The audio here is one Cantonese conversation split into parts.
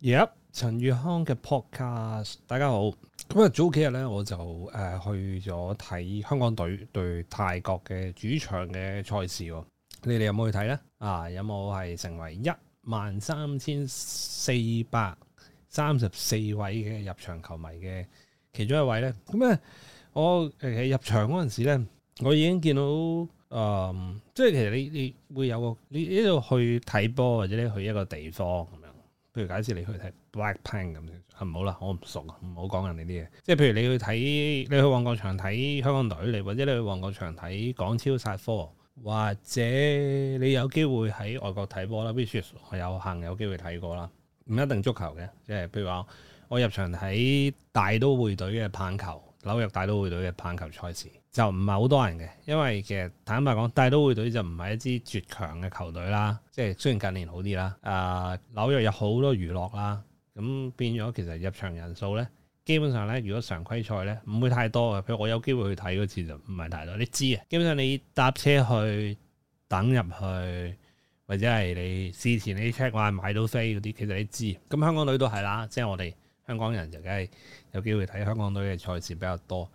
耶！Yep, 陳宇康嘅 podcast，大家好。咁啊，早幾日咧，我就誒去咗睇香港隊對泰國嘅主場嘅賽事喎。你哋有冇去睇咧？啊，有冇係成為一萬三千四百三十四位嘅入場球迷嘅其中一位咧？咁咧，我誒入場嗰陣時咧，我已經見到誒、嗯，即係其實你你會有個你呢度去睇波，或者你去一個地方。譬如假設你去睇 Blackpink 咁、啊，係唔好啦，我唔熟，唔好講人哋啲嘢。即係譬如你去睇，你去旺角場睇香港隊，你或者你去旺角場睇港超殺科，或者你有機會喺外國睇波啦。which is 我有幸有機會睇過啦，唔一定足球嘅，即係譬如話我，我入場睇大都會隊嘅棒球，紐約大都會隊嘅棒球賽事。就唔係好多人嘅，因為其實坦白講，大都會隊就唔係一支絕強嘅球隊啦。即係雖然近年好啲、呃、啦，誒紐約有好多娛樂啦，咁變咗其實入場人數咧，基本上咧如果常規賽咧唔會太多嘅。譬如我有機會去睇嗰次就唔係太多，你知啊。基本上你搭車去等入去，或者係你事前你 check 話買到飛嗰啲，其實你知。咁香港隊都係啦，即係我哋香港人就梗係有機會睇香港隊嘅賽事比較多。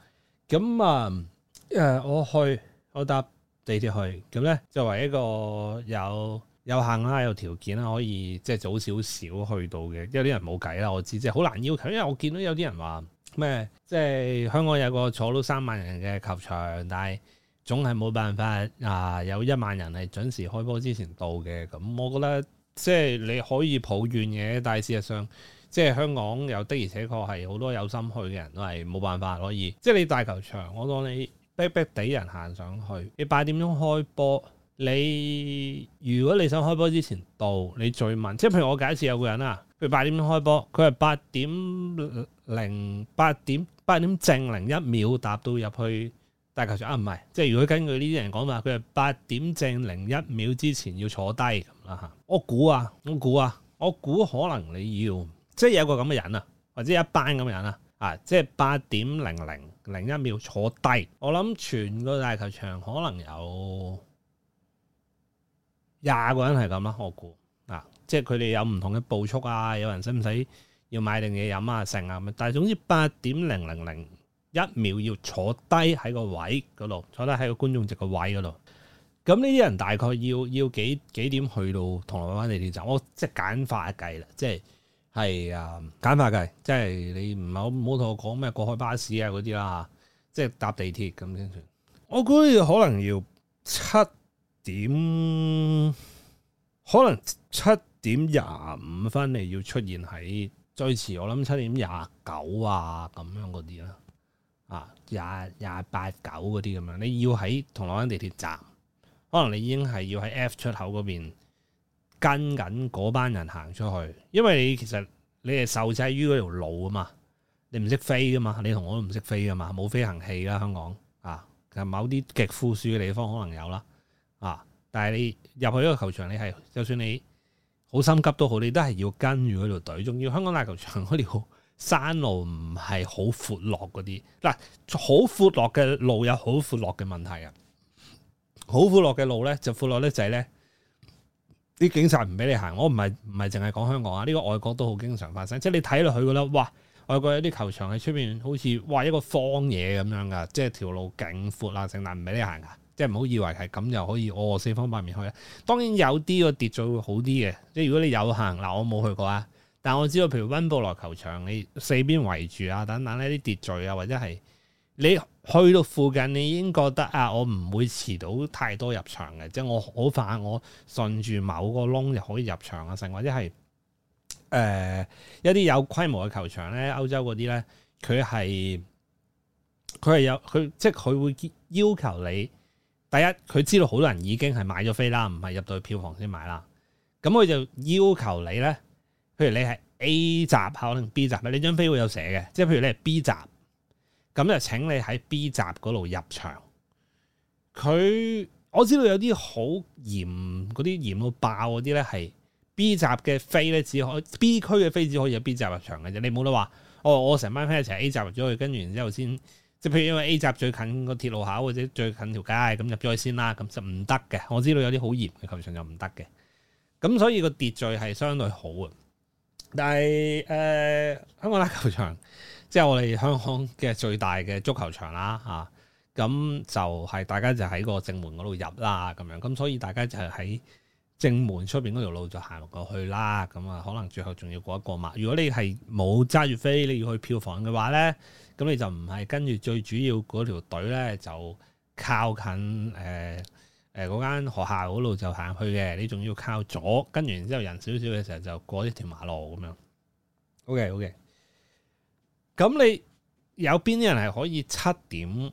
咁啊～、呃誒，我去，我搭地鐵去，咁咧作為一個有有限啦，有條件啦，可以即係早少少去到嘅。有啲人冇計啦，我知，即係好難要求。因為我見到有啲人話咩，即係香港有個坐到三萬人嘅球場，但係總係冇辦法啊，有一萬人係準時開波之前到嘅。咁我覺得即係你可以抱怨嘅，但係事實上，即係香港有的而且確係好多有心去嘅人都係冇辦法可以。即係你大球場，我當你。逼逼地人行上去，你八點鐘開波，你如果你想開波之前到，你再問，即係譬如我假設有個人啊，佢八點鐘開波，佢係八點零八點八點正零一秒搭到入去大球場啊，唔係，即係如果根據呢啲人講話，佢係八點正零一秒之前要坐低咁啦嚇，我估啊，我估啊，我估可能你要，即係有個咁嘅人啊，或者一班咁嘅人啊，啊，即係八點零零。零一秒坐低，我諗全個大球場可能有廿個人係咁啊，我估啊，即係佢哋有唔同嘅步速啊，有人使唔使要買定嘢飲啊，剩啊咁，但係總之八點零零零一秒要坐低喺個位嗰度，坐低喺個觀眾席個位嗰度。咁呢啲人大概要要幾幾點去到銅鑼灣地鐵站？我即係簡化一計啦，即係。係啊，簡化計，即係你唔好唔好同我講咩過海巴士啊嗰啲啦，即係搭地鐵咁先算。我估可能要七點，可能七點廿五分嚟要出現喺最遲我諗七點廿九啊咁樣嗰啲啦，啊廿廿八九嗰啲咁樣，你要喺銅鑼灣地鐵站，可能你已經係要喺 F 出口嗰邊，跟緊嗰班人行出去，因為你其實你係受制於嗰條路啊嘛，你唔識飛噶嘛，你同我都唔識飛噶嘛，冇飛行器啦，香港啊，其實某啲極富庶嘅地方可能有啦啊，但係你入去一個球場，你係就算你好心急都好，你都係要跟住嗰條隊，仲要香港大球場嗰條山路唔係好闊落嗰啲，嗱、啊、好闊落嘅路有好闊落嘅問題啊，好闊落嘅路咧就闊落咧就係咧。啲警察唔俾你行，我唔係唔係淨係講香港啊，呢個外國都好經常發生。即係你睇落去覺得，哇！外國有啲球場喺出面好，好似哇一個荒野咁樣噶，即係條路勁闊啊，剩係唔俾你行噶，即係唔好以為係咁就可以哦四方八面去。當然有啲個秩序會好啲嘅，即係如果你有行，嗱我冇去過啊，但係我知道譬如溫布萊球場，你四邊圍住啊等等呢啲秩序啊，或者係。你去到附近，你已經覺得啊，我唔會遲到太多入場嘅，即係我好快，我順住某個窿就可以入場啊！剩或者係誒、呃、一啲有規模嘅球場咧，歐洲嗰啲咧，佢係佢係有佢，即係佢會要求你第一，佢知道好多人已經係買咗飛啦，唔係入到去票房先買啦。咁佢就要求你咧，譬如你係 A 區可能 B 區，你張飛會有寫嘅，即係譬如你係 B 區。咁就請你喺 B 閘嗰度入場。佢我知道有啲好嚴，嗰啲嚴到爆嗰啲咧，係 B 閘嘅飛咧，只可 B 區嘅飛只可以喺 B 閘入場嘅啫。你冇得話哦，我成班飛一齊 A 閘入咗去，跟住之後先，即係譬如因為 A 閘最近個鐵路口或者最近條街咁入咗去先啦，咁就唔得嘅。我知道有啲好嚴嘅球場就唔得嘅。咁所以個秩序係相對好啊。但係誒、呃，香港大球場。即係我哋香港嘅最大嘅足球場啦，嚇、啊、咁、啊、就係、是、大家就喺個正門嗰度入啦，咁樣咁、啊、所以大家就喺正門出邊嗰條路就行落過去啦，咁啊，啊可能最後仲要過一個嘛。如果你係冇揸住飛你要去票房嘅話咧，咁你就唔係跟住最主要嗰條隊咧，就靠近誒誒嗰間學校嗰度就行去嘅，你仲要靠左跟完之後人少少嘅時候就過一條馬路咁樣。OK OK。咁你有邊啲人係可以七點？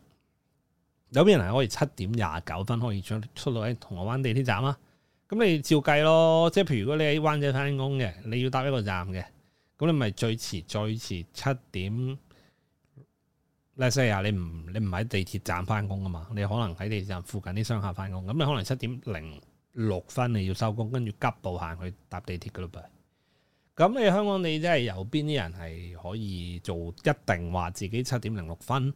有邊人係可以七點廿九分可以出出到喺銅鑼灣地鐵站啊？咁你照計咯，即係譬如如果你喺灣仔翻工嘅，你要搭呢個站嘅，咁你咪最遲最遲七點。呢些日你唔你唔喺地鐵站翻工啊嘛？你可能喺地鐵站附近啲商廈翻工，咁你可能七點零六分你要收工，跟住急步行去搭地鐵噶啦噃。咁你香港你真係有邊啲人係可以做一定話自己七點零六分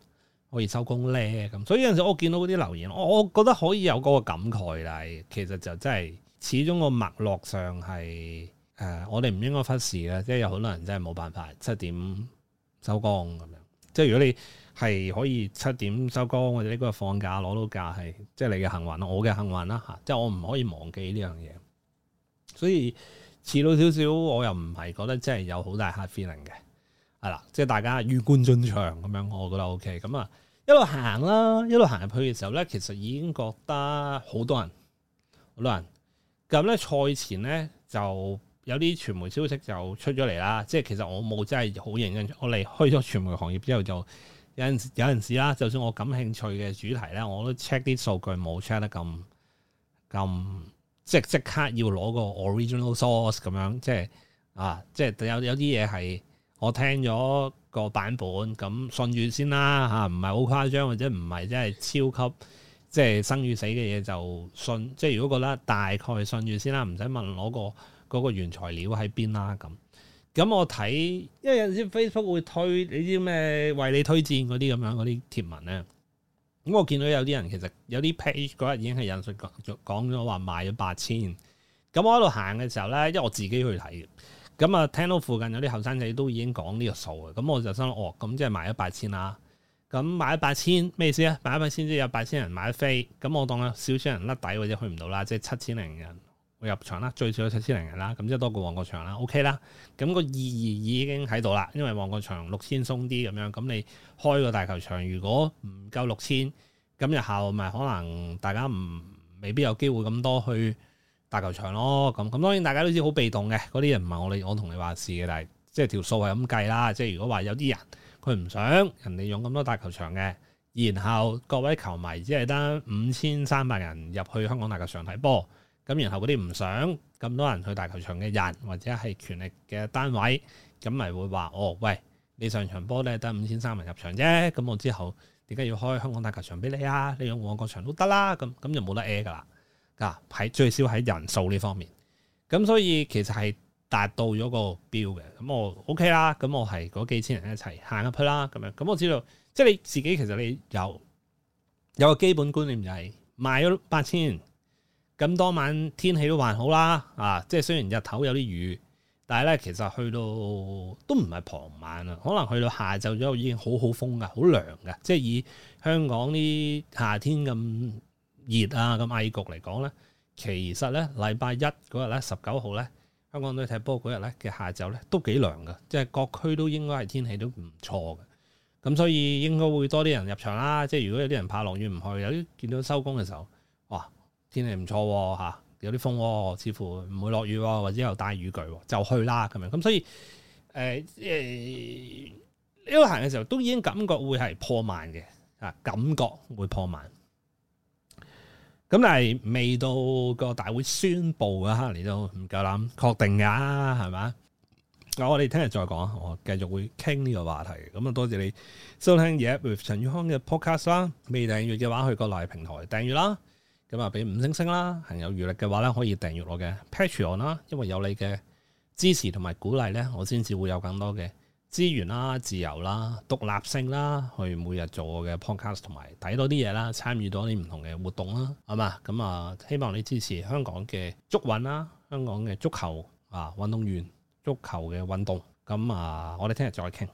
可以收工咧？咁所以有陣時我見到嗰啲留言，我我覺得可以有嗰個感慨但係，其實就真係始終個脈絡上係誒、呃，我哋唔應該忽視咧。即係有好多人真係冇辦法七點收工咁樣。即係如果你係可以七點收工或者呢個放假攞到假係，即係你嘅幸運，我嘅幸運啦嚇。即係我唔可以忘記呢樣嘢，所以。似到少少，我又唔係覺得真係有好大 hard feeling 嘅，係啦，即係大家魚貫進場咁樣，我覺得 OK。咁啊一路行啦，一路行入去嘅時候咧，其實已經覺得好多人，好多人。咁咧賽前咧就有啲傳媒消息就出咗嚟啦，即係其實我冇真係好認真。我離開咗傳媒行業之後就，就有陣有陣時啦，就算我感興趣嘅主題咧，我都 check 啲數據冇 check 得咁咁。即即刻要攞個 original source 咁樣，即係啊，即係有有啲嘢係我聽咗個版本，咁信住先啦嚇，唔係好誇張或者唔係真係超級即係生與死嘅嘢就信，即係如果覺得大概信住先啦，唔使問攞個嗰個原材料喺邊啦咁。咁我睇，因為有時 Facebook 會推你知咩為你推薦嗰啲咁樣嗰啲貼文咧。咁、嗯、我見到有啲人其實有啲 page 嗰日已經係引述講咗話賣咗八千，咁、嗯、我喺度行嘅時候咧，因為我自己去睇嘅，咁、嗯、啊聽到附近有啲後生仔都已經講呢個數嘅，咁、嗯、我就心諗哦，咁、嗯、即係賣咗八千啦，咁、嗯、賣咗八千咩意思啊？賣咗八千即係有八千人買飛，咁、嗯、我當啊少少人甩底或者去唔到啦，即係七千零人。入場啦，最少有七千零人啦，咁即係多過旺角場啦。O K 啦，咁個意義已經喺度啦。因為旺角場六千鬆啲咁樣，咁你開個大球場，如果唔夠六千，咁日後咪可能大家唔未必有機會咁多去大球場咯。咁咁當然大家都知好被動嘅嗰啲人唔係我哋，我同你話事嘅，但係即係條數係咁計啦。即係如果話有啲人佢唔想人哋用咁多大球場嘅，然後各位球迷即只係得五千三百人入去香港大球場睇波。咁然後嗰啲唔想咁多人去大球場嘅人，或者係權力嘅單位，咁咪會話哦，喂，你上場波咧得五千三人入場啫，咁我之後點解要開香港大球場俾你啊？你用旺角場都、啊、得啦，咁咁就冇得嗌噶啦，喺最少喺人數呢方面，咁所以其實係達到咗個標嘅，咁我 OK 啦，咁我係嗰幾千人一齊行入去啦，咁樣，咁我知道，即係你自己其實你有有個基本觀念就係、是、賣咗八千。咁當晚天氣都還好啦，啊，即係雖然日頭有啲雨，但係咧其實去到都唔係傍晚啊，可能去到下晝左右已經好好風噶，好涼噶。即係以香港啲夏天咁熱啊咁翳焗嚟講咧，其實咧禮拜一嗰日咧十九號咧香港都隊踢波嗰日咧嘅下晝咧都幾涼噶，即係各區都應該係天氣都唔錯嘅。咁所以應該會多啲人入場啦。即係如果有啲人怕落雨唔去，有啲見到收工嘅時候，哇！天氣唔錯吓，有啲風，似乎唔會落雨，或者又帶雨具就去啦咁樣。咁所以誒，誒、呃，呢度行嘅時候都已經感覺會係破萬嘅，啊，感覺會破萬。咁但係未到個大會宣布噶，可能你都唔夠膽確定噶，係咪？我我哋聽日再講，我繼續會傾呢個話題。咁啊，多謝你收聽《夜 with 陳宇康嘅 Podcast》啦。未訂閱嘅話，去個內平台訂閱啦。咁啊，俾五星星啦，行有餘力嘅話咧，可以訂閱我嘅 Patreon 啦，因為有你嘅支持同埋鼓勵咧，我先至會有更多嘅資源啦、自由啦、獨立性啦，去每日做我嘅 podcast 同埋睇多啲嘢啦，參與多啲唔同嘅活動啦，係嘛？咁啊，希望你支持香港嘅足運啦，香港嘅足球啊，運動員足球嘅運動。咁啊，我哋聽日再傾。